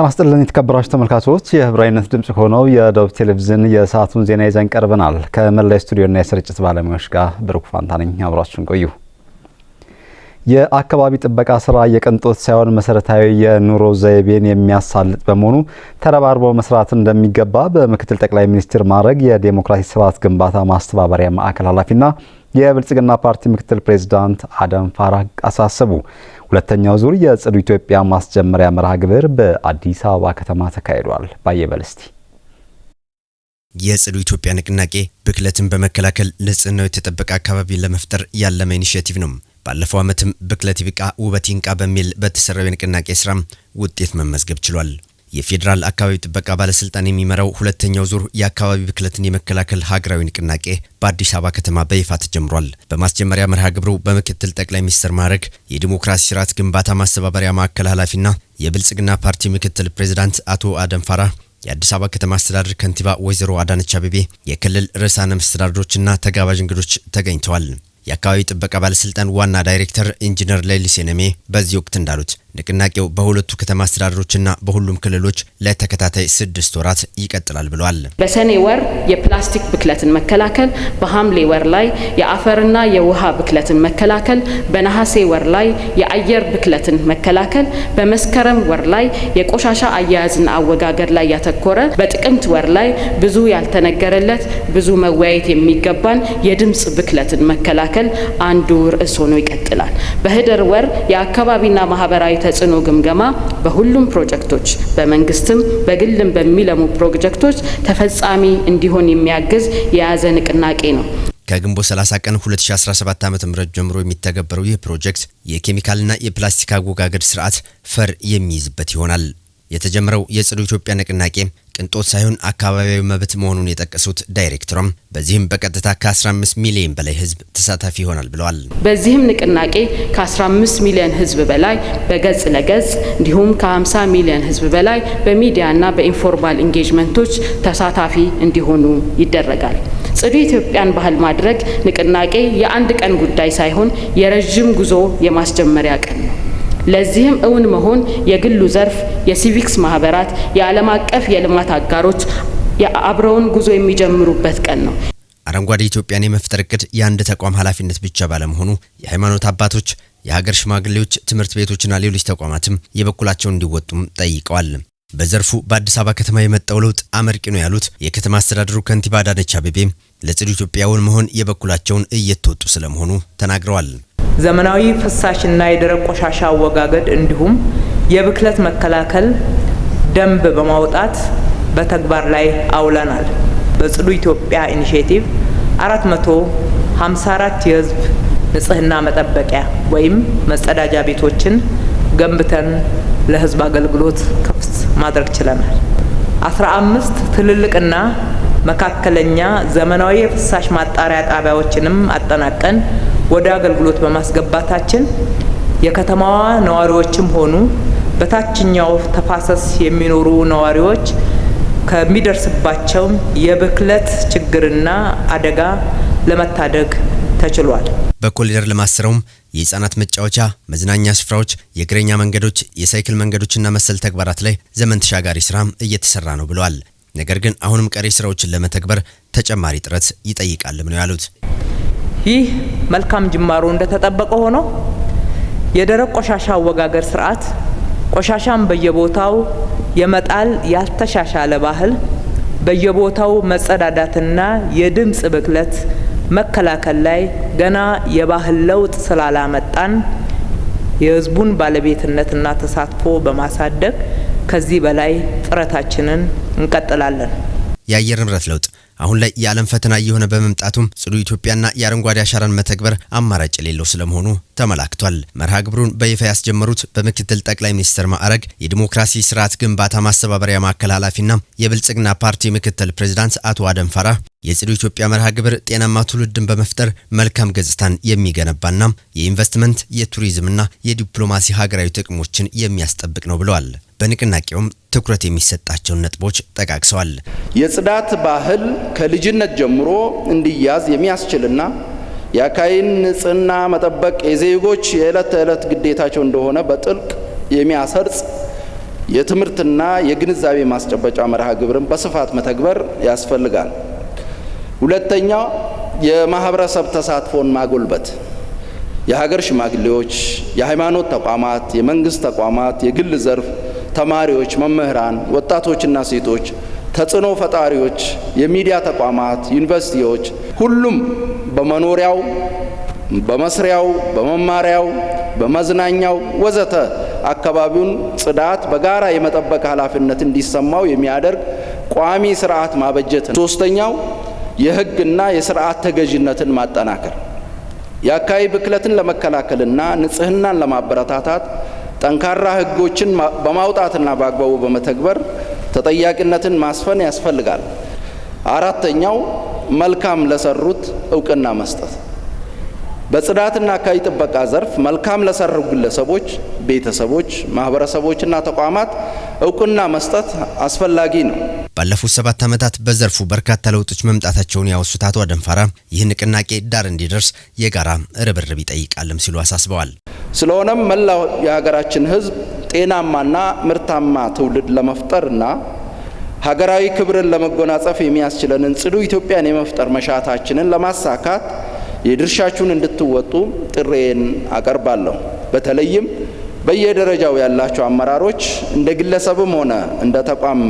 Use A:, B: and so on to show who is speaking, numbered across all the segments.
A: ጤና ይስጥልን የተከበራችሁ ተመልካቾች፣ የህብራዊነት ድምጽ ሆነው የደቡብ ቴሌቪዥን የሰዓቱን ዜና ይዘን ቀርበናል። ከመላይ ስቱዲዮና የስርጭት ባለሙያዎች ጋር ብሩክ ፋንታ ነኝ። አብራችሁን ቆዩ። የአካባቢ ጥበቃ ስራ የቅንጦት ሳይሆን መሰረታዊ የኑሮ ዘይቤን የሚያሳልጥ በመሆኑ ተረባርቦ መስራት እንደሚገባ በምክትል ጠቅላይ ሚኒስትር ማዕረግ የዴሞክራሲ ስርዓት ግንባታ ማስተባበሪያ ማዕከል ኃላፊና የብልጽግና ፓርቲ ምክትል ፕሬዚዳንት አደም ፋራህ አሳሰቡ። ሁለተኛው ዙር የጽዱ ኢትዮጵያ ማስጀመሪያ መርሃ ግብር በአዲስ አበባ ከተማ ተካሂዷል። ባየበልስቲ
B: የጽዱ ኢትዮጵያ ንቅናቄ ብክለትን በመከላከል ንጽህናው የተጠበቀ አካባቢን ለመፍጠር ያለመ ኢኒሽቲቭ ነው። ባለፈው ዓመትም ብክለት ይብቃ ውበት ይንቃ በሚል በተሰራው የንቅናቄ ስራም ውጤት መመዝገብ ችሏል። የፌዴራል አካባቢ ጥበቃ ባለስልጣን የሚመራው ሁለተኛው ዙር የአካባቢ ብክለትን የመከላከል ሀገራዊ ንቅናቄ በአዲስ አበባ ከተማ በይፋ ተጀምሯል። በማስጀመሪያ መርሃ ግብሩ በምክትል ጠቅላይ ሚኒስትር ማዕረግ የዲሞክራሲ ስርዓት ግንባታ ማስተባበሪያ ማዕከል ኃላፊና የብልጽግና ፓርቲ ምክትል ፕሬዚዳንት አቶ አደም ፋራ የአዲስ አበባ ከተማ አስተዳደር ከንቲባ ወይዘሮ አዳነች አቤቤ፣ የክልል ርዕሳነ መስተዳድሮችና ተጋባዥ እንግዶች ተገኝተዋል። የአካባቢ ጥበቃ ባለስልጣን ዋና ዳይሬክተር ኢንጂነር ሌሊሴ ነሜ በዚህ ወቅት እንዳሉት ንቅናቄው በሁለቱ ከተማ አስተዳደሮችና በሁሉም ክልሎች ለተከታታይ ስድስት ወራት ይቀጥላል ብለዋል።
C: በሰኔ ወር የፕላስቲክ ብክለትን መከላከል፣ በሐምሌ ወር ላይ የአፈርና የውሃ ብክለትን መከላከል፣ በነሐሴ ወር ላይ የአየር ብክለትን መከላከል፣ በመስከረም ወር ላይ የቆሻሻ አያያዝና አወጋገድ ላይ ያተኮረ፣ በጥቅምት ወር ላይ ብዙ ያልተነገረለት ብዙ መወያየት የሚገባን የድምፅ ብክለትን መከላከል አንዱ ርዕስ ሆኖ ይቀጥላል። በህዳር ወር የአካባቢና ማህበራዊ ተጽዕኖ ግምገማ በሁሉም ፕሮጀክቶች በመንግስትም በግልም በሚለሙ ፕሮጀክቶች ተፈጻሚ እንዲሆን የሚያግዝ የያዘ ንቅናቄ ነው።
B: ከግንቦት 30 ቀን 2017 ዓ.ም ጀምሮ የሚተገበረው ይህ ፕሮጀክት የኬሚካልና የፕላስቲክ አወጋገድ ስርዓት ፈር የሚይዝበት ይሆናል። የተጀመረው የጽዱ ኢትዮጵያ ንቅናቄ ቅንጦት ሳይሆን አካባቢያዊ መብት መሆኑን የጠቀሱት ዳይሬክተሯም በዚህም በቀጥታ ከ15 ሚሊዮን በላይ ህዝብ ተሳታፊ ይሆናል ብለዋል።
C: በዚህም ንቅናቄ ከ15 ሚሊዮን ህዝብ በላይ በገጽ ለገጽ እንዲሁም ከ50 ሚሊዮን ህዝብ በላይ በሚዲያና በኢንፎርማል ኢንጌጅመንቶች ተሳታፊ እንዲሆኑ ይደረጋል። ጽዱ ኢትዮጵያን ባህል ማድረግ ንቅናቄ የአንድ ቀን ጉዳይ ሳይሆን የረዥም ጉዞ የማስጀመሪያ ቀን ነው። ለዚህም እውን መሆን የግሉ ዘርፍ፣ የሲቪክስ ማህበራት፣ የዓለም አቀፍ የልማት አጋሮች የአብረውን ጉዞ የሚጀምሩበት ቀን ነው።
B: አረንጓዴ ኢትዮጵያን የመፍጠር እቅድ የአንድ ተቋም ኃላፊነት ብቻ ባለመሆኑ የሃይማኖት አባቶች፣ የሀገር ሽማግሌዎች፣ ትምህርት ቤቶችና ሌሎች ተቋማትም የበኩላቸውን እንዲወጡም ጠይቀዋል። በዘርፉ በአዲስ አበባ ከተማ የመጣው ለውጥ አመርቂ ነው ያሉት የከተማ አስተዳደሩ ከንቲባ አዳነች አቤቤ ለጽዱ ኢትዮጵያውን መሆን የበኩላቸውን እየተወጡ ስለመሆኑ ተናግረዋል።
D: ዘመናዊ ፍሳሽና የደረቅ ቆሻሻ አወጋገድ እንዲሁም የብክለት መከላከል ደንብ በማውጣት በተግባር ላይ አውለናል። በጽዱ ኢትዮጵያ ኢኒሽቲቭ 454 የህዝብ ንጽህና መጠበቂያ ወይም መጸዳጃ ቤቶችን ገንብተን ለህዝብ አገልግሎት ክፍት ማድረግ ችለናል። 15 ትልልቅና መካከለኛ ዘመናዊ የፍሳሽ ማጣሪያ ጣቢያዎችንም አጠናቀን ወደ አገልግሎት በማስገባታችን የከተማዋ ነዋሪዎችም ሆኑ በታችኛው ተፋሰስ የሚኖሩ ነዋሪዎች ከሚደርስባቸውም የብክለት ችግርና አደጋ ለመታደግ ተችሏል።
B: በኮሊደር ልማት ስራውም የህጻናት መጫወቻ፣ መዝናኛ ስፍራዎች፣ የእግረኛ መንገዶች፣ የሳይክል መንገዶችና መሰል ተግባራት ላይ ዘመን ተሻጋሪ ስራም እየተሰራ ነው ብለዋል። ነገር ግን አሁንም ቀሪ ስራዎችን ለመተግበር ተጨማሪ ጥረት ይጠይቃልም ነው ያሉት።
D: ይህ መልካም ጅማሮ እንደተጠበቀ ሆኖ የደረቅ ቆሻሻ አወጋገር ስርዓት ቆሻሻን በየቦታው የመጣል ያልተሻሻለ ባህል በየቦታው መጸዳዳትና የድምፅ ብክለት መከላከል ላይ ገና የባህል ለውጥ ስላላመጣን የህዝቡን ባለቤትነትና ተሳትፎ በማሳደግ ከዚህ በላይ ጥረታችንን እንቀጥላለን።
B: የአየር ንብረት ለውጥ አሁን ላይ የዓለም ፈተና እየሆነ በመምጣቱም ጽዱ ኢትዮጵያና የአረንጓዴ አሻራን መተግበር አማራጭ የሌለው ስለመሆኑ ተመላክቷል። መርሃ ግብሩን በይፋ ያስጀመሩት በምክትል ጠቅላይ ሚኒስትር ማዕረግ የዲሞክራሲ ስርዓት ግንባታ ማስተባበሪያ ማዕከል ኃላፊና የብልጽግና ፓርቲ ምክትል ፕሬዚዳንት አቶ አደም ፋራህ የጽዱ ኢትዮጵያ መርሃ ግብር ጤናማ ትውልድን በመፍጠር መልካም ገጽታን የሚገነባና የኢንቨስትመንት የቱሪዝምና የዲፕሎማሲ ሀገራዊ ጥቅሞችን የሚያስጠብቅ ነው ብለዋል። በንቅናቄውም ትኩረት የሚሰጣቸውን ነጥቦች ጠቃቅሰዋል።
E: የጽዳት ባህል ከልጅነት ጀምሮ እንዲያዝ የሚያስችልና የአካባቢን ንጽህና መጠበቅ የዜጎች የዕለት ተዕለት ግዴታቸው እንደሆነ በጥልቅ የሚያሰርጽ የትምህርትና የግንዛቤ ማስጨበጫ መርሃ ግብርን በስፋት መተግበር ያስፈልጋል። ሁለተኛው የማህበረሰብ ተሳትፎን ማጎልበት የሀገር ሽማግሌዎች፣ የሃይማኖት ተቋማት፣ የመንግስት ተቋማት፣ የግል ዘርፍ ተማሪዎች፣ መምህራን፣ ወጣቶችና ሴቶች፣ ተጽዕኖ ፈጣሪዎች፣ የሚዲያ ተቋማት፣ ዩኒቨርሲቲዎች፣ ሁሉም በመኖሪያው፣ በመስሪያው፣ በመማሪያው፣ በመዝናኛው ወዘተ አካባቢውን ጽዳት በጋራ የመጠበቅ ኃላፊነት እንዲሰማው የሚያደርግ ቋሚ ስርዓት ማበጀት ነው። ሶስተኛው የህግና የስርዓት ተገዥነትን ማጠናከር የአካባቢ ብክለትን ለመከላከልና ንጽህናን ለማበረታታት ጠንካራ ህጎችን በማውጣትና በአግባቡ በመተግበር ተጠያቂነትን ማስፈን ያስፈልጋል። አራተኛው መልካም ለሰሩት እውቅና መስጠት፣ በጽዳትና አካባቢ ጥበቃ ዘርፍ መልካም ለሰሩ ግለሰቦች፣ ቤተሰቦች፣ ማህበረሰቦችና ተቋማት እውቅና መስጠት አስፈላጊ ነው።
B: ባለፉት ሰባት ዓመታት በዘርፉ በርካታ ለውጦች መምጣታቸውን ያወሱት አቶ አደንፋራ ይህ ንቅናቄ ዳር እንዲደርስ የጋራ ርብርብ ይጠይቃልም ሲሉ አሳስበዋል።
E: ስለሆነም መላው የሀገራችን ህዝብ ጤናማና ምርታማ ትውልድ ለመፍጠርና ሀገራዊ ክብርን ለመጎናጸፍ የሚያስችለንን ጽዱ ኢትዮጵያን የመፍጠር መሻታችንን ለማሳካት የድርሻችሁን እንድትወጡ ጥሬን አቀርባለሁ። በተለይም በየደረጃው ያላቸው አመራሮች እንደ ግለሰብም ሆነ እንደ ተቋም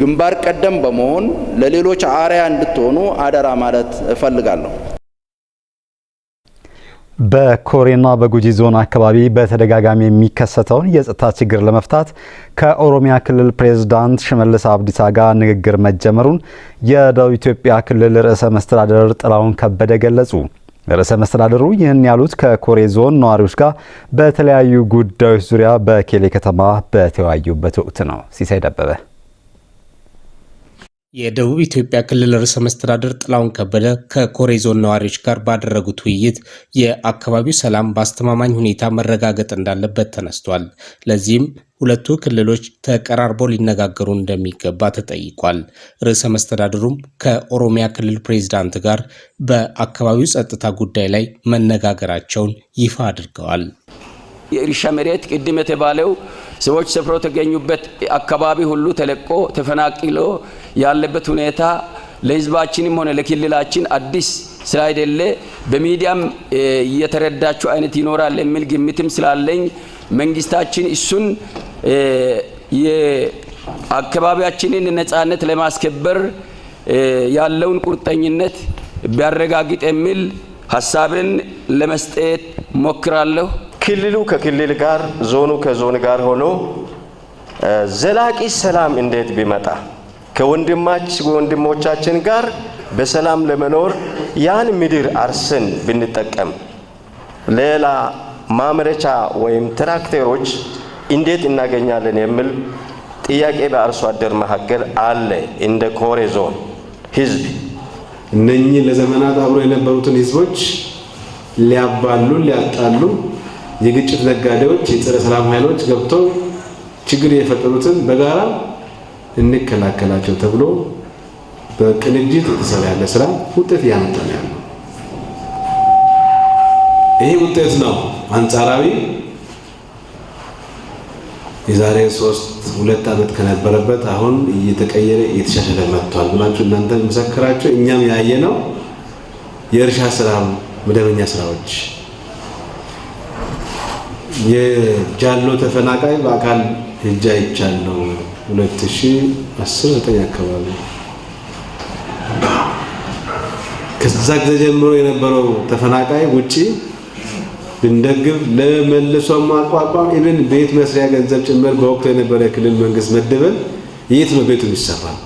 E: ግንባር ቀደም በመሆን ለሌሎች አርያ እንድትሆኑ አደራ ማለት እፈልጋለሁ።
A: በኮሬና በጉጂ ዞን አካባቢ በተደጋጋሚ የሚከሰተውን የጸጥታ ችግር ለመፍታት ከኦሮሚያ ክልል ፕሬዝዳንት ሽመልስ አብዲሳ ጋር ንግግር መጀመሩን የደቡብ ኢትዮጵያ ክልል ርዕሰ መስተዳደር ጥላሁን ከበደ ገለጹ። ርዕሰ መስተዳደሩ ይህን ያሉት ከኮሬ ዞን ነዋሪዎች ጋር በተለያዩ ጉዳዮች ዙሪያ በኬሌ ከተማ በተወያዩበት ወቅት ነው። ሲሳይ ደበበ
B: የደቡብ ኢትዮጵያ ክልል ርዕሰ መስተዳደር ጥላሁን ከበደ ከኮሬ ዞን ነዋሪዎች ጋር ባደረጉት ውይይት የአካባቢው ሰላም በአስተማማኝ ሁኔታ መረጋገጥ እንዳለበት ተነስቷል። ለዚህም ሁለቱ ክልሎች ተቀራርበው ሊነጋገሩ እንደሚገባ ተጠይቋል። ርዕሰ መስተዳድሩም ከኦሮሚያ ክልል ፕሬዚዳንት ጋር በአካባቢው ጸጥታ ጉዳይ ላይ መነጋገራቸውን ይፋ አድርገዋል።
E: የእርሻ መሬት ቅድም የተባለው ሰዎች ሰፍሮ ተገኙበት አካባቢ ሁሉ ተለቆ ተፈናቅሎ ያለበት ሁኔታ ለህዝባችንም ሆነ ለክልላችን አዲስ ስላይደለ በሚዲያም እየተረዳችሁ አይነት ይኖራል የሚል ግምትም ስላለኝ መንግስታችን እሱን የአካባቢያችንን ነጻነት ለማስከበር ያለውን ቁርጠኝነት ቢያረጋግጥ የሚል ሀሳብን ለመስጠት ሞክራለሁ።
F: ክልሉ ከክልል ጋር፣ ዞኑ ከዞን ጋር ሆኖ ዘላቂ ሰላም እንዴት ቢመጣ ከወንድማች ወንድሞቻችን ጋር በሰላም ለመኖር ያን ምድር አርሰን ብንጠቀም ሌላ ማምረቻ ወይም ትራክተሮች እንዴት እናገኛለን የሚል ጥያቄ በአርሶ አደር መካከል አለ። እንደ ኮሬ ዞን ህዝብ እነኚህ ለዘመናት አብሮ የነበሩትን ህዝቦች ሊያባሉ ሊያጣሉ የግጭት ነጋዴዎች፣ የጸረ ሰላም ኃይሎች ገብተው ችግር የፈጠሩትን በጋራ እንከላከላቸው ተብሎ በቅንጅት የተሰራ ያለ ስራ ውጤት እያመጣ ነው ያለው። ይህ ውጤት ነው አንጻራዊ የዛሬ ሶስት ሁለት ዓመት ከነበረበት አሁን እየተቀየረ እየተሻሻለ መጥቷል ብላችሁ እናንተ መሰከራችሁ እኛም ያየ ነው። የእርሻ ስራ፣ መደበኛ ስራዎች የጃሎ ተፈናቃይ በአካል ሄጄ አይቻለሁ። 2019 አካባቢ ከዛ ጊዜ ጀምሮ የነበረው ተፈናቃይ ውጪ ብንደግፍ ለመልሶ ማቋቋም ኢብን ቤት መስሪያ ገንዘብ ጭምር በወቅቱ የነበረ የክልል መንግስት መደበል የት ነው ቤቱ ይሰራል?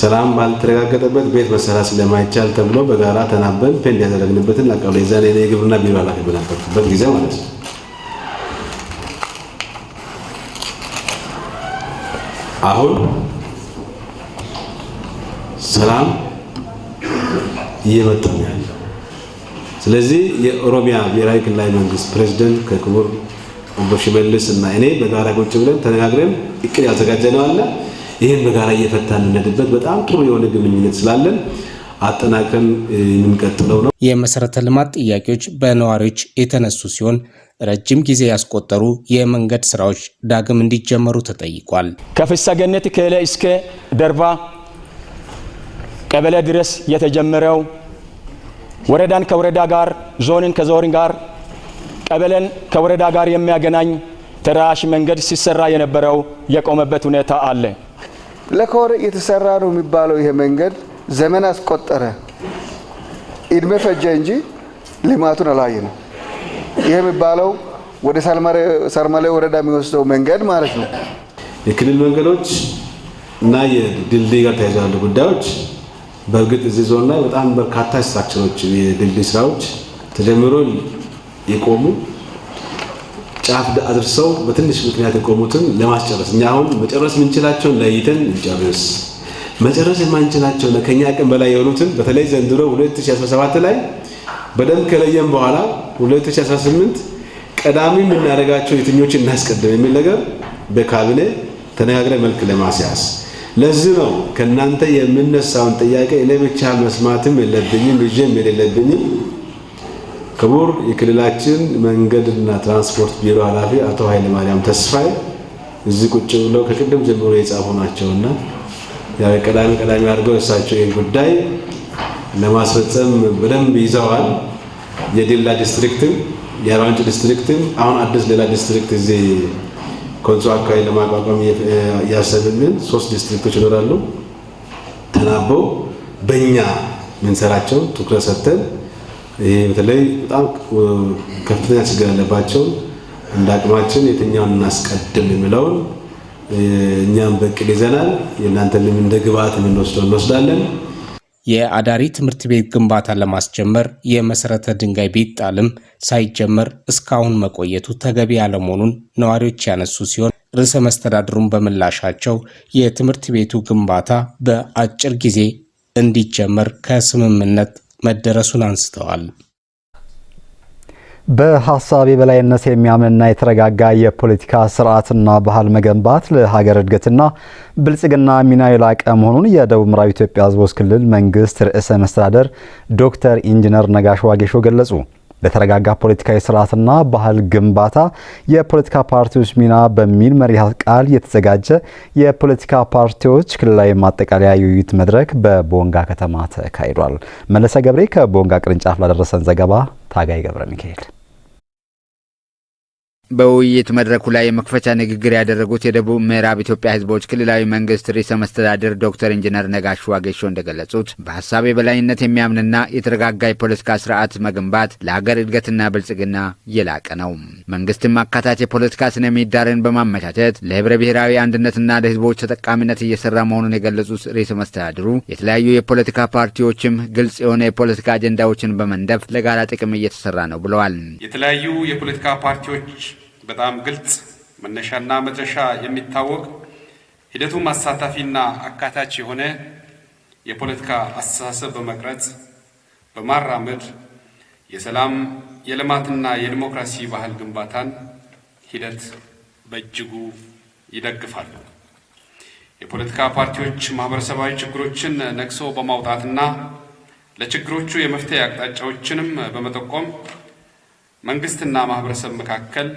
F: ሰላም ባልተረጋገጠበት ቤት መሰራት ስለማይቻል ተብሎ በጋራ ተናበን ፔንድ ያደረግንበትን አቀብለ የዛሬ የግብርና ቢሮ ኃላፊ በነበርኩበት ጊዜ ማለት ነው። አሁን ሰላም እየመጣ ነው ያለው። ስለዚህ የኦሮሚያ ብሔራዊ ክልላዊ መንግስት ፕሬዚደንት ከክቡር ሽመልስ እና እኔ በጋራ ቁጭ ብለን ተነጋግረን እቅድ ያዘጋጀ ነው አለ ይህን በጋራ እየፈታን እንሄድበት በጣም ጥሩ የሆነ ግንኙነት ስላለን አጠናቀን የምንቀጥለው ነው።
B: የመሰረተ ልማት ጥያቄዎች በነዋሪዎች የተነሱ ሲሆን ረጅም ጊዜ ያስቆጠሩ የመንገድ ስራዎች ዳግም እንዲጀመሩ ተጠይቋል።
G: ከፍስሐ ገነት ከለ እስከ ደርባ ቀበሌ ድረስ የተጀመረው ወረዳን ከወረዳ ጋር፣ ዞንን ከዞን ጋር፣ ቀበሌን ከወረዳ ጋር የሚያገናኝ ተደራሽ መንገድ ሲሰራ የነበረው የቆመበት ሁኔታ አለ።
H: ለከወርቅ የተሰራ ነው የሚባለው ይሄ መንገድ ዘመን አስቆጠረ፣ እድሜ ፈጀ እንጂ ልማቱን አላየ ነው። ይሄ የሚባለው ወደ ሳርማሌ ወረዳ የሚወስደው መንገድ ማለት ነው።
F: የክልል መንገዶች እና የድልድይ ጋር ተያይዘው ያሉ ጉዳዮች በእርግጥ እዚህ ዞን ላይ በጣም በርካታ ስትራክቸሮች የድልድይ ስራዎች ተጀምሮ የቆሙ ጫፍ አድርሰው በትንሽ ምክንያት የቆሙትን ለማስጨረስ እኛ አሁን መጨረስ የምንችላቸውን ለይተን እንጨርስ፣ መጨረስ የማንችላቸው ከኛ አቅም በላይ የሆኑትን በተለይ ዘንድሮ 2017 ላይ በደንብ ከለየም በኋላ 2018 ቀዳሚ የምናደርጋቸው የትኞችን እናስቀድም የሚል ነገር በካቢኔ ተነጋግረን መልክ ለማስያዝ ለዚህ ነው ከእናንተ የምነሳውን ጥያቄ እኔ ብቻ መስማትም የለብኝም ብዬም የሌለብኝም ክቡር የክልላችን መንገድና ትራንስፖርት ቢሮ ኃላፊ አቶ ኃይለማርያም ተስፋዬ እዚህ ቁጭ ብለው ከቅድም ጀምሮ የጻፉ ናቸውና ቀዳሚ ቀዳሚ አድርገው እሳቸው ይህን ጉዳይ ለማስፈጸም በደንብ ይዘዋል። የዲላ ዲስትሪክትን የአርባምንጭ ዲስትሪክትን አሁን አዲስ ሌላ ዲስትሪክት እዚህ ኮንሶ አካባቢ ለማቋቋም እያሰብን ሶስት ዲስትሪክቶች ይኖራሉ። ተናበው በእኛ ምንሰራቸው ትኩረት ሰጥተን ይሄ በተለይ በጣም ከፍተኛ ችግር ያለባቸው እንደ አቅማችን የትኛውን እናስቀድም የሚለውን እኛም በቅል ይዘናል። የእናንተንም እንደ ግብአት የምንወስደው እንወስዳለን።
B: የአዳሪ ትምህርት ቤት ግንባታ ለማስጀመር የመሰረተ ድንጋይ ቢጣልም ሳይጀመር እስካሁን መቆየቱ ተገቢ ያለመሆኑን ነዋሪዎች ያነሱ ሲሆን ርዕሰ መስተዳድሩን በምላሻቸው የትምህርት ቤቱ ግንባታ በአጭር ጊዜ እንዲጀመር ከስምምነት መደረሱን አንስተዋል።
A: በሀሳብ የበላይነት የሚያምንና የተረጋጋ የፖለቲካ ስርዓትና ባህል መገንባት ለሀገር እድገትና ብልጽግና ሚና የላቀ መሆኑን የደቡብ ምዕራብ ኢትዮጵያ ህዝቦች ክልል መንግስት ርዕሰ መስተዳደር ዶክተር ኢንጂነር ነጋሽ ዋጌሾ ገለጹ። ለተረጋጋ ፖለቲካዊ ስርዓትና ባህል ግንባታ የፖለቲካ ፓርቲዎች ሚና በሚል መሪ ቃል የተዘጋጀ የፖለቲካ ፓርቲዎች ክልላዊ ማጠቃለያ የውይይት መድረክ በቦንጋ ከተማ ተካሂዷል። መለሰ ገብሬ ከቦንጋ ቅርንጫፍ ላደረሰን ዘገባ ታጋይ ገብረ ሚካኤል
B: በውይይት መድረኩ ላይ የመክፈቻ ንግግር ያደረጉት የደቡብ ምዕራብ ኢትዮጵያ ህዝቦች ክልላዊ መንግስት ርዕሰ መስተዳድር ዶክተር ኢንጂነር ነጋሽ ዋጌሾ እንደገለጹት በሀሳብ የበላይነት የሚያምንና የተረጋጋ የፖለቲካ ስርዓት መገንባት ለሀገር እድገትና ብልጽግና የላቀ ነው። መንግስትም አካታች የፖለቲካ ስነ ምህዳርን በማመቻቸት ለህብረ ብሔራዊ አንድነትና ለህዝቦች ተጠቃሚነት እየሰራ መሆኑን የገለጹት ርዕሰ መስተዳድሩ የተለያዩ የፖለቲካ ፓርቲዎችም ግልጽ የሆነ የፖለቲካ አጀንዳዎችን በመንደፍ ለጋራ ጥቅም እየተሰራ ነው ብለዋል።
G: የተለያዩ የፖለቲካ ፓርቲዎች በጣም ግልጽ መነሻና መድረሻ የሚታወቅ ሂደቱም አሳታፊና አካታች የሆነ የፖለቲካ አስተሳሰብ በመቅረጽ በማራመድ የሰላም የልማትና የዲሞክራሲ ባህል ግንባታን ሂደት በእጅጉ ይደግፋል። የፖለቲካ ፓርቲዎች ማህበረሰባዊ ችግሮችን ነቅሶ በማውጣትና ለችግሮቹ የመፍትሄ አቅጣጫዎችንም በመጠቆም መንግስትና ማህበረሰብ መካከል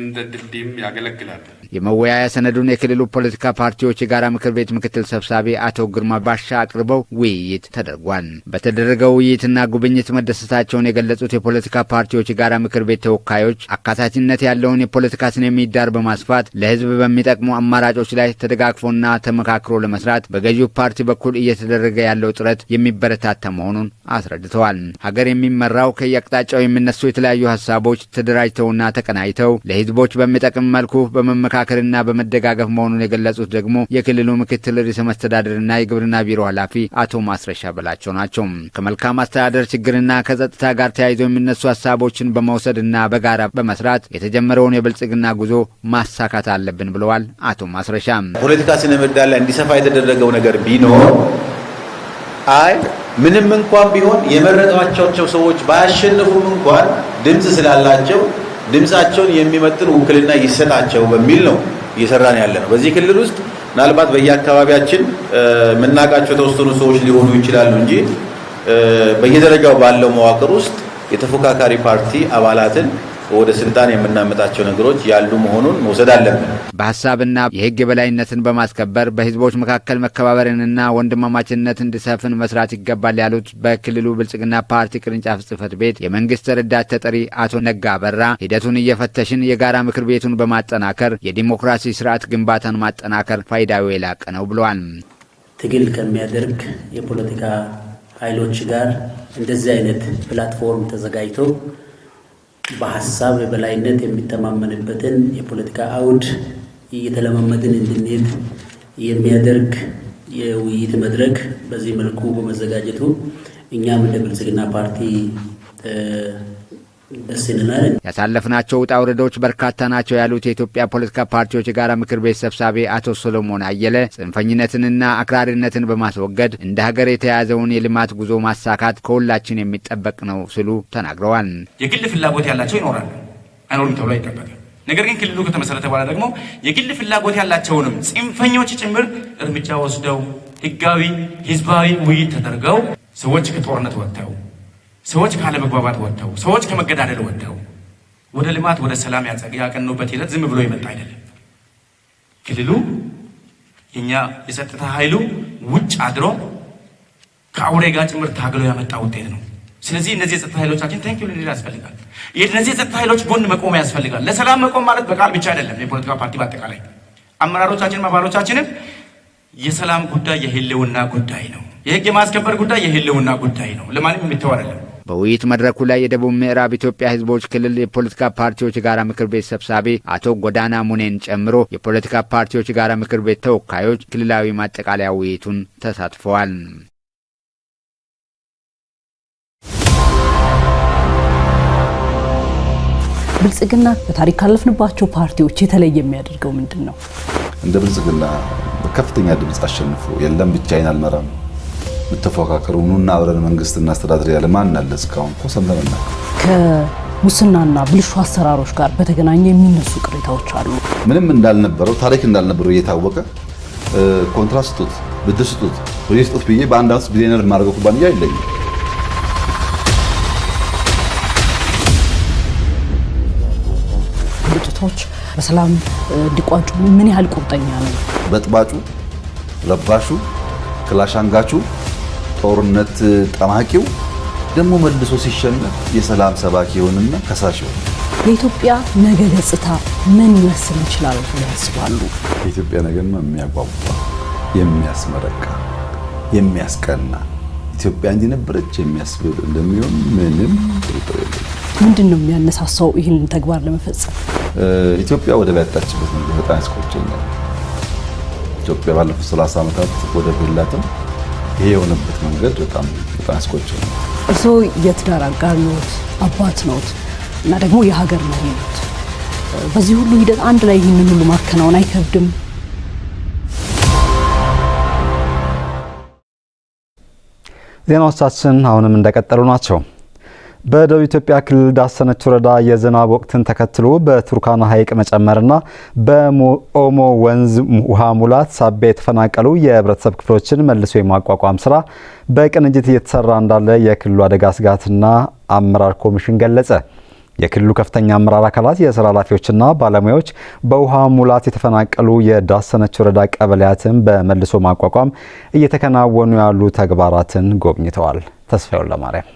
G: እንደ ድልድይም ያገለግላል።
B: የመወያያ ሰነዱን የክልሉ ፖለቲካ ፓርቲዎች የጋራ ምክር ቤት ምክትል ሰብሳቢ አቶ ግርማ ባሻ አቅርበው ውይይት ተደርጓል። በተደረገው ውይይትና ጉብኝት መደሰታቸውን የገለጹት የፖለቲካ ፓርቲዎች የጋራ ምክር ቤት ተወካዮች አካታችነት ያለውን የፖለቲካ ስነ ምህዳር በማስፋት ለህዝብ በሚጠቅሙ አማራጮች ላይ ተደጋግፎና ተመካክሮ ለመስራት በገዢው ፓርቲ በኩል እየተደረገ ያለው ጥረት የሚበረታታ መሆኑን አስረድተዋል። ሀገር የሚመራው ከየአቅጣጫው የሚነሱ የተለያዩ ሀሳቦች ተደራጅተውና ተቀናጅተው ለህዝቦች በሚጠቅም መልኩ በመመካከልና በመደጋገፍ መሆኑን የገለጹት ደግሞ የክልሉ ምክትል ርዕሰ መስተዳድርና የግብርና ቢሮ ኃላፊ አቶ ማስረሻ በላቸው ናቸው። ከመልካም አስተዳደር ችግርና ከጸጥታ ጋር ተያይዞ የሚነሱ ሀሳቦችን በመውሰድና በጋራ በመስራት የተጀመረውን የብልጽግና ጉዞ ማሳካት አለብን ብለዋል አቶ ማስረሻ።
E: ፖለቲካ ስነ ምህዳር ላይ እንዲሰፋ የተደረገው ነገር ቢኖር አይ ምንም እንኳን ቢሆን የመረጧቸው ሰዎች ባያሸንፉም እንኳን ድምፅ ስላላቸው ድምፃቸውን የሚመጥን ውክልና ይሰጣቸው በሚል ነው እየሰራን ያለ ነው። በዚህ ክልል ውስጥ ምናልባት በየአካባቢያችን የምናውቃቸው የተወሰኑ ሰዎች ሊሆኑ ይችላሉ እንጂ በየደረጃው ባለው መዋቅር ውስጥ የተፎካካሪ ፓርቲ አባላትን ወደ ስልጣን የምናመጣቸው ነገሮች ያሉ መሆኑን መውሰድ አለብን።
B: በሀሳብና የህግ የበላይነትን በማስከበር በህዝቦች መካከል መከባበርንና ወንድማማችነት እንዲሰፍን መስራት ይገባል ያሉት በክልሉ ብልጽግና ፓርቲ ቅርንጫፍ ጽህፈት ቤት የመንግስት ረዳት ተጠሪ አቶ ነጋ በራ ሂደቱን እየፈተሽን የጋራ ምክር ቤቱን በማጠናከር የዲሞክራሲ ስርዓት ግንባታን ማጠናከር ፋይዳዊ የላቀ ነው ብለዋል።
I: ትግል ከሚያደርግ የፖለቲካ ኃይሎች ጋር እንደዚህ አይነት ፕላትፎርም ተዘጋጅቶ በሀሳብ የበላይነት የሚተማመንበትን የፖለቲካ አውድ እየተለማመድን እንድንሄድ የሚያደርግ የውይይት መድረክ በዚህ መልኩ በመዘጋጀቱ እኛም እንደ ብልጽግና ፓርቲ
B: ያሳለፍናቸው ውጣ ውረዶች በርካታ ናቸው ያሉት የኢትዮጵያ ፖለቲካ ፓርቲዎች የጋራ ምክር ቤት ሰብሳቢ አቶ ሶሎሞን አየለ ጽንፈኝነትንና አክራሪነትን በማስወገድ እንደ ሀገር የተያዘውን የልማት ጉዞ ማሳካት ከሁላችን የሚጠበቅ ነው ሲሉ ተናግረዋል።
G: የግል ፍላጎት ያላቸው ይኖራል፣ አይኖርም ተብሎ አይጠበቅም። ነገር ግን ክልሉ ከተመሰረተ በኋላ ደግሞ የግል ፍላጎት ያላቸውንም ጽንፈኞች ጭምር እርምጃ ወስደው ህጋዊ ህዝባዊ ውይይት ተደርገው ሰዎች ከጦርነት ወጥተው ሰዎች ካለመግባባት ወጥተው ሰዎች ከመገዳደል ወጥተው ወደ ልማት ወደ ሰላም ያቀኑበት ሂደት ዝም ብሎ የመጣ አይደለም። ክልሉ የኛ የጸጥታ ኃይሉ ውጭ አድሮ ከአውሬ ጋር ጭምር ታግሎ ያመጣ ውጤት ነው። ስለዚህ እነዚህ የጸጥታ ኃይሎቻችን ታንክ ልንል ያስፈልጋል። እነዚህ የጸጥታ ኃይሎች ጎን መቆም ያስፈልጋል። ለሰላም መቆም ማለት በቃል ብቻ አይደለም። የፖለቲካ ፓርቲ በአጠቃላይ አመራሮቻችንም አባሎቻችንም የሰላም ጉዳይ የህልውና ጉዳይ ነው። የህግ የማስከበር ጉዳይ የህልውና ጉዳይ ነው። ለማንም የሚተው አይደለም።
B: በውይይት መድረኩ ላይ የደቡብ ምዕራብ ኢትዮጵያ ህዝቦች ክልል የፖለቲካ ፓርቲዎች የጋራ ምክር ቤት ሰብሳቢ አቶ ጎዳና ሙኔን ጨምሮ የፖለቲካ ፓርቲዎች የጋራ ምክር ቤት ተወካዮች ክልላዊ ማጠቃለያ ውይይቱን ተሳትፈዋል።
J: ብልጽግና በታሪክ ካለፍንባቸው ፓርቲዎች የተለየ የሚያደርገው ምንድን ነው?
K: እንደ ብልጽግና በከፍተኛ ድምፅ አሸንፎ የለም ብቻዬን አልመራም ብትፎካከሩ ኑና አብረን መንግስት እናስተዳድር ያለ ማን አለ? እስካሁን እኮ ሰምተንና
J: ከሙስናና ብልሹ አሰራሮች ጋር በተገናኘ የሚነሱ ቅሬታዎች አሉ።
K: ምንም እንዳልነበረው ታሪክ እንዳልነበረው እየታወቀ ኮንትራት ስጡት፣ ብድር ስጡት፣ ፕሮጀክት ስጡት ብዬ በአንድ አንስ ቢሊዮነር የማደርገው ኩባንያ የለኝም።
J: ግጭቶች በሰላም እንዲቋጩ ምን ያህል ቁርጠኛ ነው?
K: በጥባጩ ለባሹ ክላሽ አንጋቹ ጦርነት ጠማቂው ደግሞ መልሶ ሲሸነፍ የሰላም ሰባኪ ይሆንና ከሳሽ ይሆን።
J: የኢትዮጵያ ነገ ገጽታ ምን ይመስል ይችላል ያስባሉ?
K: የኢትዮጵያ ነገማ የሚያጓጓ የሚያስመረቃ የሚያስቀና ኢትዮጵያ እንዲነበረች የሚያስብል እንደሚሆን ምንም ጥርጥር የለም።
J: ምንድን ነው የሚያነሳሳው ይህንን ተግባር ለመፈጸም?
K: ኢትዮጵያ ወደብ ያጣችበት ነገር በጣም ያስቆጨኛል። ኢትዮጵያ ባለፉት 30 ዓመታት ወደብ የላትም። ይሄ የሆነበት መንገድ በጣም በጣም አስቆጭ ነው።
J: እርስዎ የትዳር አጋር ነዎት፣ አባት ነዎት እና ደግሞ የሀገር መሪ ነዎት። በዚህ ሁሉ ሂደት አንድ ላይ ይህንን ሁሉ ማከናወን አይከብድም?
A: ዜናዎቻችን አሁንም እንደቀጠሉ ናቸው። በደቡብ ኢትዮጵያ ክልል ዳሰነች ወረዳ የዝናብ ወቅትን ተከትሎ በቱርካና ሐይቅ መጨመርና በኦሞ ወንዝ ውሃ ሙላት ሳቢያ የተፈናቀሉ የህብረተሰብ ክፍሎችን መልሶ የማቋቋም ስራ በቅንጅት እየተሰራ እንዳለ የክልሉ አደጋ ስጋትና አመራር ኮሚሽን ገለጸ። የክልሉ ከፍተኛ አመራር አካላት፣ የስራ ኃላፊዎችና ባለሙያዎች በውሃ ሙላት የተፈናቀሉ የዳሰነች ወረዳ ቀበሌያትን በመልሶ ማቋቋም እየተከናወኑ ያሉ ተግባራትን ጎብኝተዋል። ተስፋዩን ለማርያም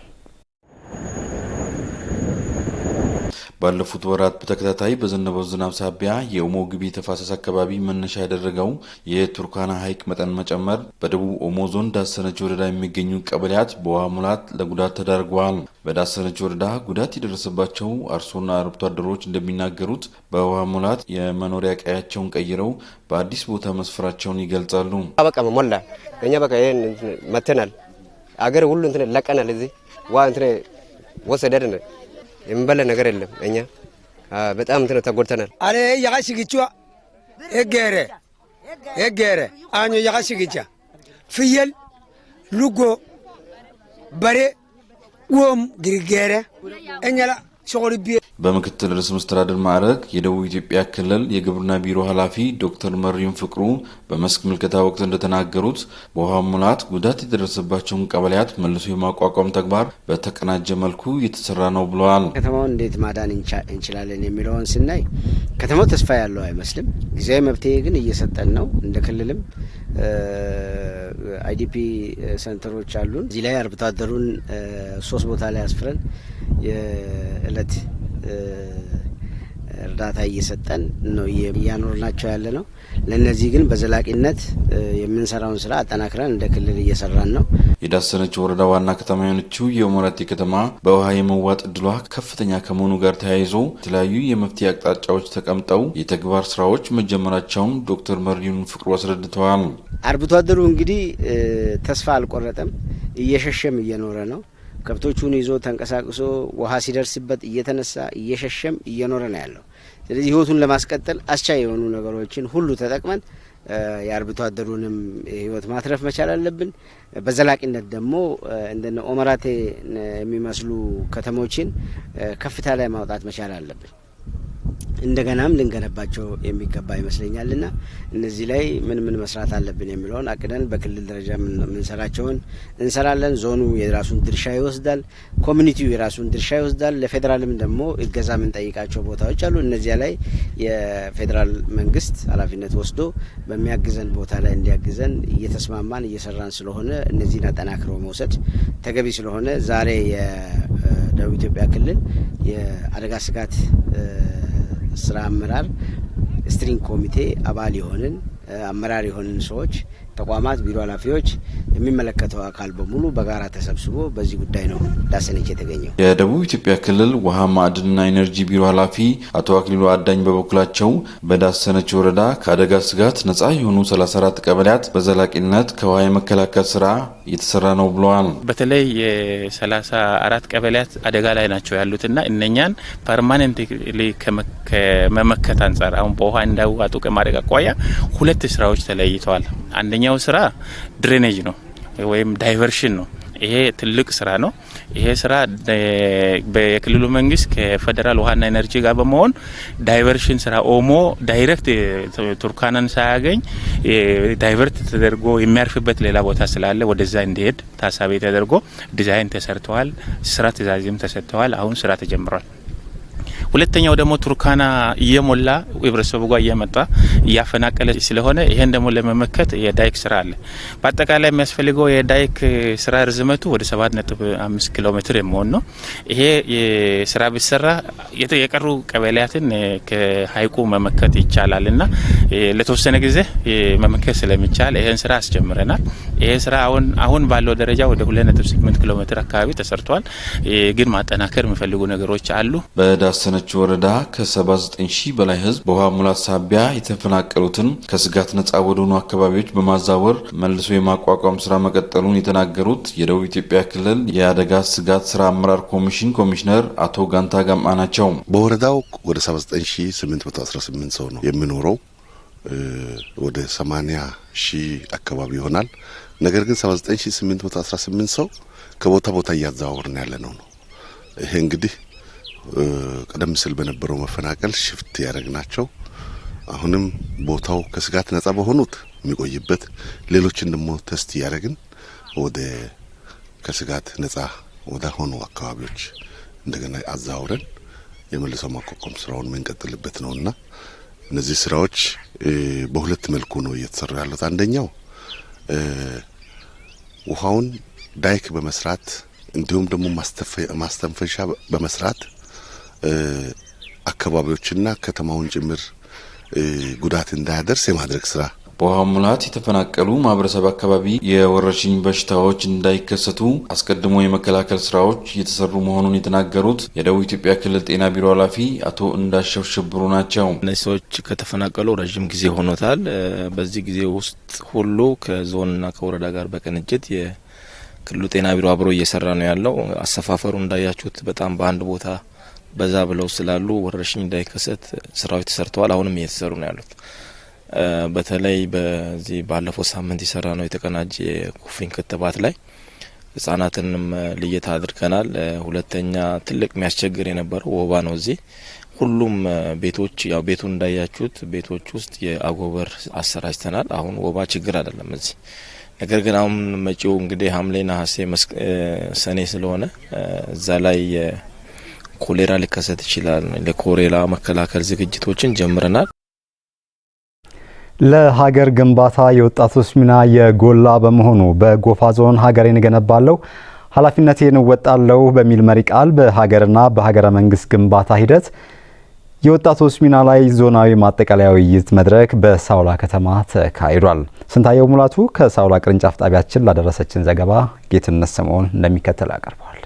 B: ባለፉት ወራት በተከታታይ በዘነበው ዝናብ ሳቢያ የኦሞ ግቢ ተፋሰስ አካባቢ መነሻ ያደረገው የቱርካና ሐይቅ መጠን መጨመር በደቡብ ኦሞ ዞን ዳሰነች ወረዳ የሚገኙ ቀበሌያት በውሃ ሙላት ለጉዳት ተዳርገዋል። በዳሰነች ወረዳ ጉዳት የደረሰባቸው አርሶና አርብቶ አደሮች እንደሚናገሩት በውሃ ሙላት የመኖሪያ ቀያቸውን ቀይረው በአዲስ ቦታ መስፈራቸውን ይገልጻሉ።
L: በቃ ሞላ እኛ በቃ መተናል አገር ሁሉ እንትን ለቀናል እዚህ ዋ እንትን የምንበላ ነገር የለም። እኛ በጣም እንትን ተጎድተናል።
M: አለ ያሽግቹ እገረ እገረ አኞ ያሽግቻ ፍየል፣ ልጎ በሬ፣ ወም ግርገረ እኛላ
B: በምክትል ርዕሰ መስተዳድር ማዕረግ የደቡብ ኢትዮጵያ ክልል የግብርና ቢሮ ኃላፊ ዶክተር መሪም ፍቅሩ በመስክ ምልከታ ወቅት እንደተናገሩት በውሃ ሙላት ጉዳት የደረሰባቸውን ቀበሌያት መልሶ የማቋቋም ተግባር በተቀናጀ መልኩ እየተሰራ ነው ብለዋል።
N: ከተማውን እንዴት ማዳን እንችላለን የሚለውን ስናይ ከተማው ተስፋ ያለው አይመስልም። ጊዜያዊ መፍትሄ ግን እየሰጠን ነው። እንደ ክልልም አይዲፒ ሰንተሮች አሉን። እዚህ ላይ አርብቶ አደሩን ሶስት ቦታ ላይ አስፍረን በቋሚነት እርዳታ እየሰጠን ነው እያኖርናቸው ያለ ነው። ለእነዚህ ግን በዘላቂነት የምንሰራውን ስራ አጠናክረን እንደ ክልል እየሰራን ነው።
B: የዳሰነች ወረዳ ዋና ከተማ የሆነችው የሁመራቴ ከተማ በውሃ የመዋጥ እድሏ ከፍተኛ ከመሆኑ ጋር ተያይዞ የተለያዩ የመፍትሄ አቅጣጫዎች ተቀምጠው የተግባር ስራዎች መጀመራቸውን ዶክተር መሪዩን ፍቅሩ አስረድተዋል።
N: አርብቶ አደሩ እንግዲህ ተስፋ አልቆረጠም፣ እየሸሸም እየኖረ ነው። ከብቶቹን ይዞ ተንቀሳቅሶ ውሃ ሲደርስበት እየተነሳ እየሸሸም እየኖረ ነው ያለው። ስለዚህ ህይወቱን ለማስቀጠል አስቻይ የሆኑ ነገሮችን ሁሉ ተጠቅመን የአርብቶ አደሩንም ህይወት ማትረፍ መቻል አለብን። በዘላቂነት ደግሞ እንደነ ኦመራቴ የሚመስሉ ከተሞችን ከፍታ ላይ ማውጣት መቻል አለብን። እንደገናም ልንገነባቸው የሚገባ ይመስለኛል ና እነዚህ ላይ ምን ምን መስራት አለብን የሚለውን አቅደን በክልል ደረጃ ምንሰራቸውን እንሰራለን። ዞኑ የራሱን ድርሻ ይወስዳል፣ ኮሚኒቲው የራሱን ድርሻ ይወስዳል። ለፌዴራልም ደግሞ እገዛ የምንጠይቃቸው ቦታዎች አሉ። እነዚያ ላይ የፌዴራል መንግስት ኃላፊነት ወስዶ በሚያግዘን ቦታ ላይ እንዲያግዘን እየተስማማን እየሰራን ስለሆነ እነዚህን አጠናክሮ መውሰድ ተገቢ ስለሆነ ዛሬ በደቡብ ኢትዮጵያ ክልል የአደጋ ስጋት ስራ አመራር ስትሪንግ ኮሚቴ አባል የሆንን አመራር የሆንን ሰዎች፣ ተቋማት፣ ቢሮ ኃላፊዎች፣ የሚመለከተው አካል በሙሉ በጋራ ተሰብስቦ በዚህ ጉዳይ ነው ዳሰነች የተገኘው።
B: የደቡብ ኢትዮጵያ ክልል ውሃ ማዕድንና ኢነርጂ ቢሮ ኃላፊ አቶ አክሊሉ አዳኝ በበኩላቸው በዳሰነች ወረዳ ከአደጋ ስጋት ነጻ የሆኑ 34 ቀበሌያት በዘላቂነት ከውሃ የመከላከል ስራ እየተሰራ ነው ብለዋል።
O: በተለይ የሰላሳ አራት ቀበሌያት አደጋ ላይ ናቸው ያሉትና እነኛን ፐርማነንት ከመመከት አንጻር አሁን በውሃ እንዳዋጡ ከማድረግ አኳያ ሁለት ስራዎች ተለይተዋል። አንደኛው ስራ ድሬኔጅ ነው ወይም ዳይቨርሽን ነው። ይሄ ትልቅ ስራ ነው። ይሄ ስራ የክልሉ መንግስት ከፌዴራል ውሃና ኤነርጂ ጋር በመሆን ዳይቨርሽን ስራ ኦሞ ዳይሬክት ቱርካናን ሳያገኝ ዳይቨርት ተደርጎ የሚያርፍበት ሌላ ቦታ ስላለ ወደዛ እንዲሄድ ታሳቢ ተደርጎ ዲዛይን ተሰርተዋል። ስራ ትእዛዝም ተሰጥተዋል። አሁን ስራ ተጀምሯል። ሁለተኛው ደግሞ ቱርካና እየሞላ ህብረተሰቡ ጋር እየመጣ እያፈናቀለ ስለሆነ ይሄን ደግሞ ለመመከት የዳይክ ስራ አለ። በአጠቃላይ የሚያስፈልገው የዳይክ ስራ ርዝመቱ ወደ 7.5 ኪሎ ሜትር የሚሆን ነው። ይሄ ስራ ቢሰራ የቀሩ ቀበሌያትን ከሀይቁ መመከት ይቻላል እና ለተወሰነ ጊዜ መመከት ስለሚቻል ይህን ስራ አስጀምረናል። ይህ ስራ አሁን አሁን ባለው ደረጃ ወደ 2.8 ኪሎ ሜትር አካባቢ ተሰርቷል። ግን ማጠናከር የሚፈልጉ ነገሮች አሉ።
B: በዳሰነ በተች ወረዳ ከ79 ሺህ በላይ ህዝብ በውሃ ሙላት ሳቢያ የተፈናቀሉትን ከስጋት ነጻ ወደሆኑ አካባቢዎች በማዛወር መልሶ የማቋቋም ስራ መቀጠሉን የተናገሩት የደቡብ ኢትዮጵያ ክልል የአደጋ ስጋት ስራ አመራር ኮሚሽን ኮሚሽነር አቶ ጋንታ ጋማ ናቸው።
P: በወረዳው ወደ 79818 ሰው ነው የሚኖረው። ወደ 80 ሺህ አካባቢ ይሆናል። ነገር ግን 79818 ሰው ከቦታ ቦታ እያዘዋወርን ያለ ነው ነው ይሄ እንግዲህ ቀደም ስል በነበረው መፈናቀል ሽፍት ያደረግ ናቸው። አሁንም ቦታው ከስጋት ነጻ በሆኑት የሚቆይበት ሌሎችን ደግሞ ተስት እያደረግን ወደ ከስጋት ነጻ ወደ ሆኑ አካባቢዎች እንደገና አዛውረን የመልሶ ማቋቋም ስራውን የምንቀጥልበት ነው እና እነዚህ ስራዎች በሁለት መልኩ ነው እየተሰሩ ያሉት። አንደኛው ውሃውን ዳይክ በመስራት እንዲሁም ደግሞ ማስተንፈሻ በመስራት አካባቢዎችና ከተማውን ጭምር ጉዳት እንዳያደርስ የማድረግ ስራ
B: በውሃ ሙላት የተፈናቀሉ ማህበረሰብ አካባቢ የወረርሽኝ በሽታዎች እንዳይከሰቱ አስቀድሞ የመከላከል ስራዎች እየተሰሩ መሆኑን የተናገሩት የደቡብ ኢትዮጵያ ክልል ጤና ቢሮ ኃላፊ አቶ እንዳሸው ሽብሩ ናቸው።
O: እነዚህ ሰዎች ከተፈናቀሉ ረዥም ጊዜ ሆኖታል። በዚህ ጊዜ ውስጥ ሁሉ ከዞንና ከወረዳ ጋር በቅንጅት የክልሉ ጤና ቢሮ አብሮ እየሰራ ነው ያለው። አሰፋፈሩ እንዳያችሁት በጣም በአንድ ቦታ በዛ ብለው ስላሉ ወረርሽኝ እንዳይከሰት ስራዎች ተሰርተዋል። አሁንም እየተሰሩ ነው ያሉት። በተለይ በዚህ ባለፈው ሳምንት የሰራ ነው የተቀናጀ የኩፍኝ ክትባት ላይ ህጻናትንም ልየት አድርገናል። ሁለተኛ ትልቅ የሚያስቸግር የነበረው ወባ ነው። እዚህ ሁሉም ቤቶች ያው ቤቱ እንዳያችሁት ቤቶች ውስጥ የአጎበር አሰራጭተናል። አሁን ወባ ችግር አይደለም እዚህ። ነገር ግን አሁን መጪው እንግዲህ ሐምሌ ነሐሴ፣ ሰኔ ስለሆነ እዛ ላይ ኮሌራ ሊከሰት ይችላል። ለኮሌራ መከላከል ዝግጅቶችን ጀምረናል።
A: ለሀገር ግንባታ የወጣቶች ሚና የጎላ በመሆኑ በጎፋ ዞን ሀገሬን እገነባለሁ ኃላፊነቴን እወጣለሁ በሚል መሪ ቃል በሀገርና በሀገረ መንግስት ግንባታ ሂደት የወጣቶች ሚና ላይ ዞናዊ ማጠቃለያ ውይይት መድረክ በሳውላ ከተማ ተካሂዷል። ስንታየው ሙላቱ ከሳውላ ቅርንጫፍ ጣቢያችን ላደረሰችን ዘገባ ጌትነት ስምዖን እንደሚከተል ያቀርበዋል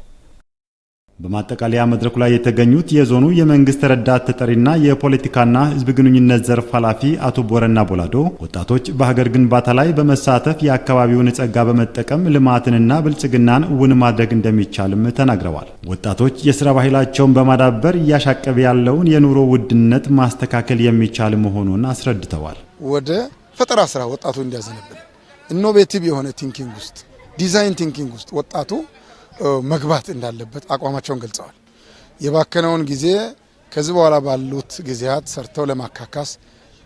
A: በማጠቃለያ መድረኩ ላይ የተገኙት የዞኑ የመንግስት ረዳት ተጠሪና የፖለቲካና ሕዝብ ግንኙነት ዘርፍ ኃላፊ አቶ ቦረና ቦላዶ ወጣቶች በሀገር ግንባታ ላይ በመሳተፍ የአካባቢውን ጸጋ በመጠቀም ልማትንና ብልጽግናን እውን ማድረግ እንደሚቻልም ተናግረዋል። ወጣቶች የስራ ባህላቸውን በማዳበር እያሻቀበ ያለውን የኑሮ ውድነት ማስተካከል የሚቻል መሆኑን አስረድተዋል።
Q: ወደ ፈጠራ ስራ ወጣቱ እንዲያዘነብል ኢኖቬቲቭ የሆነ ቲንኪንግ ውስጥ ዲዛይን ቲንኪንግ ውስጥ ወጣቱ መግባት እንዳለበት አቋማቸውን ገልጸዋል። የባከነውን ጊዜ ከዚህ በኋላ ባሉት ጊዜያት ሰርተው ለማካካስ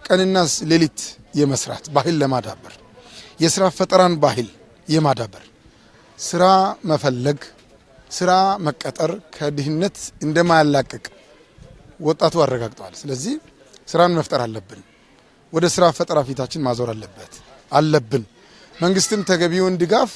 Q: ቀንና ሌሊት የመስራት ባህል ለማዳበር የስራ ፈጠራን ባህል የማዳበር ስራ መፈለግ፣ ስራ መቀጠር ከድህነት እንደማያላቅቅ ወጣቱ አረጋግጠዋል። ስለዚህ ስራን መፍጠር አለብን። ወደ ስራ ፈጠራ ፊታችን ማዞር አለበት አለብን። መንግስትም ተገቢውን ድጋፍ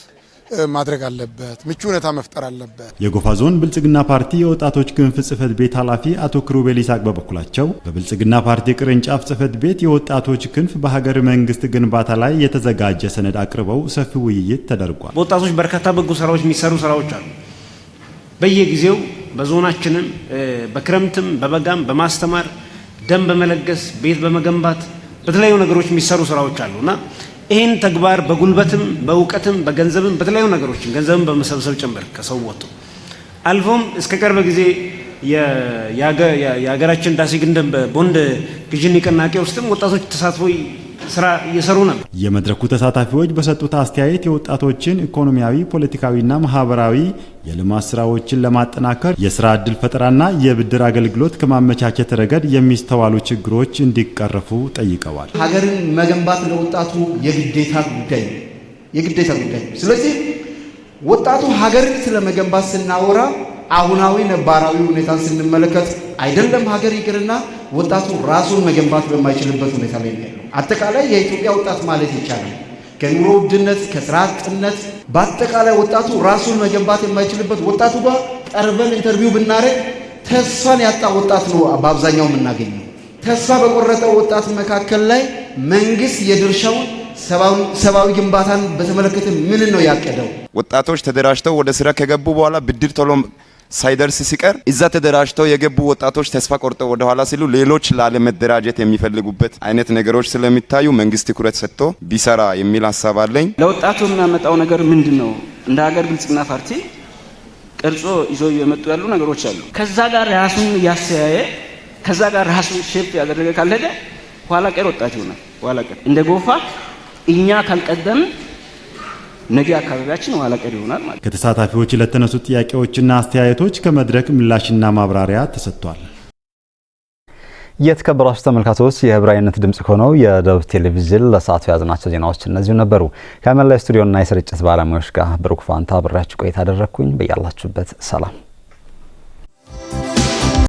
Q: ማድረግ አለበት፣ ምቹ ሁኔታ መፍጠር አለበት። የጎፋ ዞን ብልጽግና ፓርቲ የወጣቶች ክንፍ ጽህፈት ቤት ኃላፊ አቶ ክሩቤል ይስሐቅ በበኩላቸው በብልጽግና ፓርቲ ቅርንጫፍ ጽህፈት ቤት የወጣቶች ክንፍ በሀገር መንግስት ግንባታ ላይ የተዘጋጀ ሰነድ አቅርበው ሰፊ ውይይት ተደርጓል። በወጣቶች በርካታ በጎ ስራዎች የሚሰሩ ስራዎች አሉ። በየጊዜው በዞናችንም በክረምትም በበጋም በማስተማር ደም በመለገስ ቤት በመገንባት በተለያዩ ነገሮች የሚሰሩ ስራዎች አሉና ይህን ተግባር በጉልበትም በእውቀትም በገንዘብም በተለያዩ ነገሮችም ገንዘብም በመሰብሰብ ጭምር ከሰው ወጡ አልፎም እስከ ቅርብ ጊዜ የሀገራችን ዳሴ ግንድ ቦንድ ግዢ ንቅናቄ ውስጥም ወጣቶች ተሳትፎ ስራ እየሰሩ ነበር። የመድረኩ ተሳታፊዎች በሰጡት አስተያየት የወጣቶችን ኢኮኖሚያዊ፣ ፖለቲካዊና ማህበራዊ የልማት ስራዎችን ለማጠናከር የስራ ዕድል ፈጠራና የብድር አገልግሎት ከማመቻቸት ረገድ የሚስተዋሉ ችግሮች እንዲቀረፉ ጠይቀዋል። ሀገርን መገንባት ለወጣቱ የግዴታ ጉዳይ ነው፣ የግዴታ ጉዳይ ስለዚህ ወጣቱ ሀገርን ስለመገንባት ስናወራ አሁናዊ ነባራዊ ሁኔታን ስንመለከት አይደለም ሀገር ይቅርና ወጣቱ ራሱን መገንባት በማይችልበት ሁኔታ ላይ ያለው። አጠቃላይ የኢትዮጵያ ወጣት ማለት ይቻላል ከኑሮ ውድነት ከስራ አጥነት በአጠቃላይ ወጣቱ ራሱን መገንባት የማይችልበት ወጣቱ ጋር ቀርበን ኢንተርቪው ብናደርግ ተስፋን ያጣ ወጣት ነው በአብዛኛው የምናገኘው። ተስፋ በቆረጠው ወጣት መካከል ላይ መንግስት የድርሻውን ሰብአዊ ግንባታን በተመለከተ ምን ነው ያቀደው? ወጣቶች ተደራጅተው ወደ ስራ ከገቡ በኋላ ብድር ቶሎ ሳይደርስ ሲቀር እዛ ተደራጅተው የገቡ ወጣቶች ተስፋ ቆርጠው ወደኋላ ሲሉ ሌሎች ላለመደራጀት የሚፈልጉበት አይነት ነገሮች ስለሚታዩ መንግስት ትኩረት ሰጥቶ ቢሰራ የሚል ሀሳብ አለኝ። ለወጣቱ የምናመጣው ነገር ምንድን ነው? እንደ ሀገር ብልጽግና ፓርቲ ቅርጾ ይዞ የመጡ ያሉ ነገሮች አሉ። ከዛ ጋር ራሱን እያስተያየ ከዛ ጋር ራሱን ሼፕ ያደረገ ካልሄደ ኋላ ቀር ወጣት ይሆናል። ኋላ ቀር እንደ ጎፋ እኛ ካልቀደም ነገ አካባቢያችን ዋላቀር ይሆናል ማለት። ከተሳታፊዎች ለተነሱ ጥያቄዎችና አስተያየቶች ከመድረክ ምላሽና ማብራሪያ ተሰጥቷል። የተከበራችሁ ተመልካቾች የህብራዊነት ድምጽ ከሆነው የደቡብ ቴሌቪዥን ለሰዓቱ የያዝናቸው ዜናዎች እነዚሁ ነበሩ። ከመላ ስቱዲዮና የስርጭት ባለሙያዎች ጋር ብሩክ ፋንታ ብሬያችሁ ቆይታ አደረግኩኝ። በያላችሁበት ሰላም